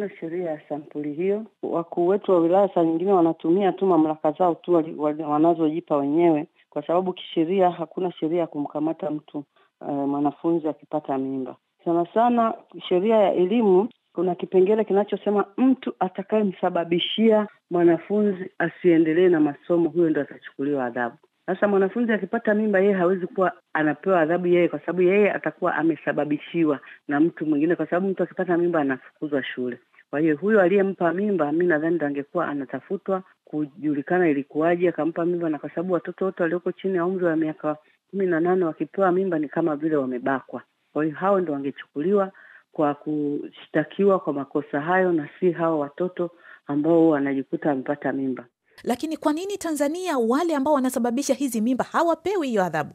hakuna sheria ya sampuli hiyo. Wakuu wetu wa wilaya saa nyingine wanatumia tu mamlaka zao tu wanazojipa wenyewe, kwa sababu kisheria hakuna sheria ya kumkamata mtu uh, mwanafunzi akipata mimba. Sana sana sheria ya elimu kuna kipengele kinachosema mtu atakayemsababishia mwanafunzi asiendelee na masomo, huyo ndo atachukuliwa adhabu. Sasa mwanafunzi akipata mimba, yeye hawezi kuwa anapewa adhabu yeye, kwa sababu yeye atakuwa amesababishiwa na mtu mwingine, kwa sababu mtu akipata mimba anafukuzwa shule. Kwa hiyo huyo aliyempa mimba, mi nadhani angekuwa anatafutwa kujulikana ilikuwaje akampa mimba, na kwa sababu watoto wote walioko chini ya umri wa miaka kumi na nane wakipewa mimba ni kama vile wamebakwa. Kwa hiyo hao ndo wangechukuliwa kwa kushtakiwa kwa makosa hayo, na si hao watoto ambao wanajikuta wamepata mimba. Lakini kwa nini Tanzania wale ambao wanasababisha hizi mimba hawapewi hiyo adhabu?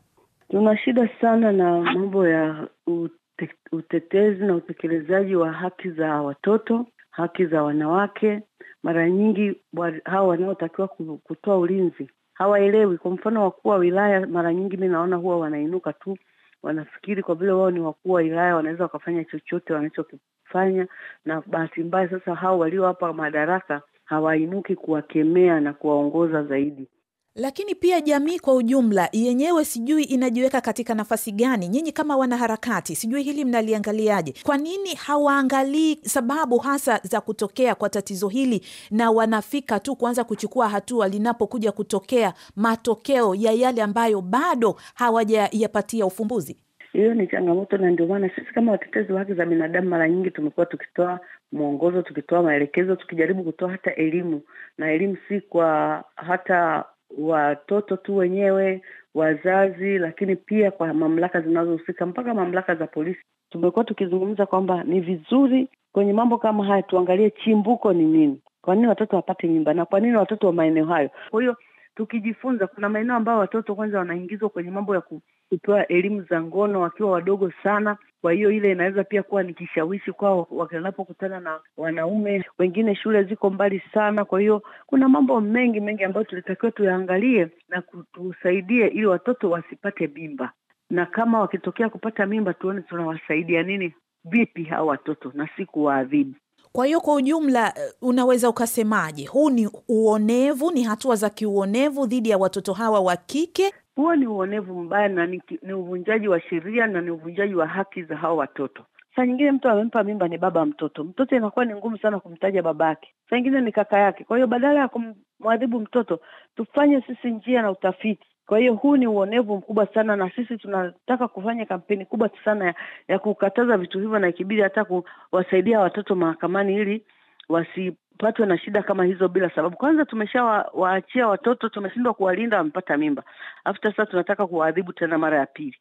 Tuna shida sana na mambo ya utetezi na utekelezaji wa haki za watoto, haki za wanawake. Mara nyingi hawa wanaotakiwa kutoa ulinzi hawaelewi. Kwa mfano, wakuu wa wilaya mara nyingi mi naona huwa wanainuka tu, wanafikiri kwa vile wao ni wakuu wa wilaya wanaweza wakafanya chochote wanachokifanya, na bahati mbaya sasa hao walio hapa madaraka hawainuki kuwakemea na kuwaongoza zaidi. Lakini pia jamii kwa ujumla yenyewe sijui inajiweka katika nafasi gani? Nyinyi kama wanaharakati, sijui hili mnaliangaliaje? Kwa nini hawaangalii sababu hasa za kutokea kwa tatizo hili na wanafika tu kuanza kuchukua hatua linapokuja kutokea matokeo ya yale ambayo bado hawajayapatia ufumbuzi? Hiyo ni changamoto, na ndio maana sisi kama watetezi wa haki za binadamu mara nyingi tumekuwa tukitoa mwongozo, tukitoa maelekezo, tukijaribu kutoa hata elimu, na elimu si kwa hata watoto tu wenyewe, wazazi, lakini pia kwa mamlaka zinazohusika, mpaka mamlaka za polisi. Tumekuwa tukizungumza kwamba ni vizuri kwenye mambo kama haya tuangalie chimbuko ni nini, kwa nini watoto wapate mimba na kwa nini watoto wa maeneo hayo. Kwa hiyo tukijifunza, kuna maeneo ambayo watoto kwanza wanaingizwa kwenye mambo ya ku kupewa elimu za ngono wakiwa wadogo sana. Kwa hiyo ile inaweza pia kuwa ni kishawishi kwao wanapokutana na wanaume wengine. Shule ziko mbali sana, kwa hiyo kuna mambo mengi mengi ambayo tulitakiwa tuyaangalie na kutusaidie ili watoto wasipate mimba, na kama wakitokea kupata mimba, tuone tunawasaidia nini vipi hawa watoto na si kuwaadhibu. Kwa hiyo kwa ujumla, eh, unaweza ukasemaje, huu ni uonevu, ni hatua za kiuonevu dhidi ya watoto hawa wa kike huo ni uonevu mbaya na ni, ni uvunjaji wa sheria na ni uvunjaji wa haki za hao watoto. Saa nyingine mtu amempa mimba ni baba mtoto, mtoto inakuwa ni ngumu sana kumtaja baba yake, saa nyingine ni kaka yake. Kwa hiyo badala ya kumwadhibu mtoto, tufanye sisi njia na utafiti. Kwa hiyo huu ni uonevu mkubwa sana, na sisi tunataka kufanya kampeni kubwa sana ya, ya kukataza vitu hivyo, na ikibidi hata kuwasaidia watoto mahakamani ili wasi wasipatwe na shida kama hizo bila sababu. Kwanza tumeshawaachia wa, watoto tumeshindwa kuwalinda, wamepata mimba, alafu sasa tunataka kuwaadhibu tena mara ya pili.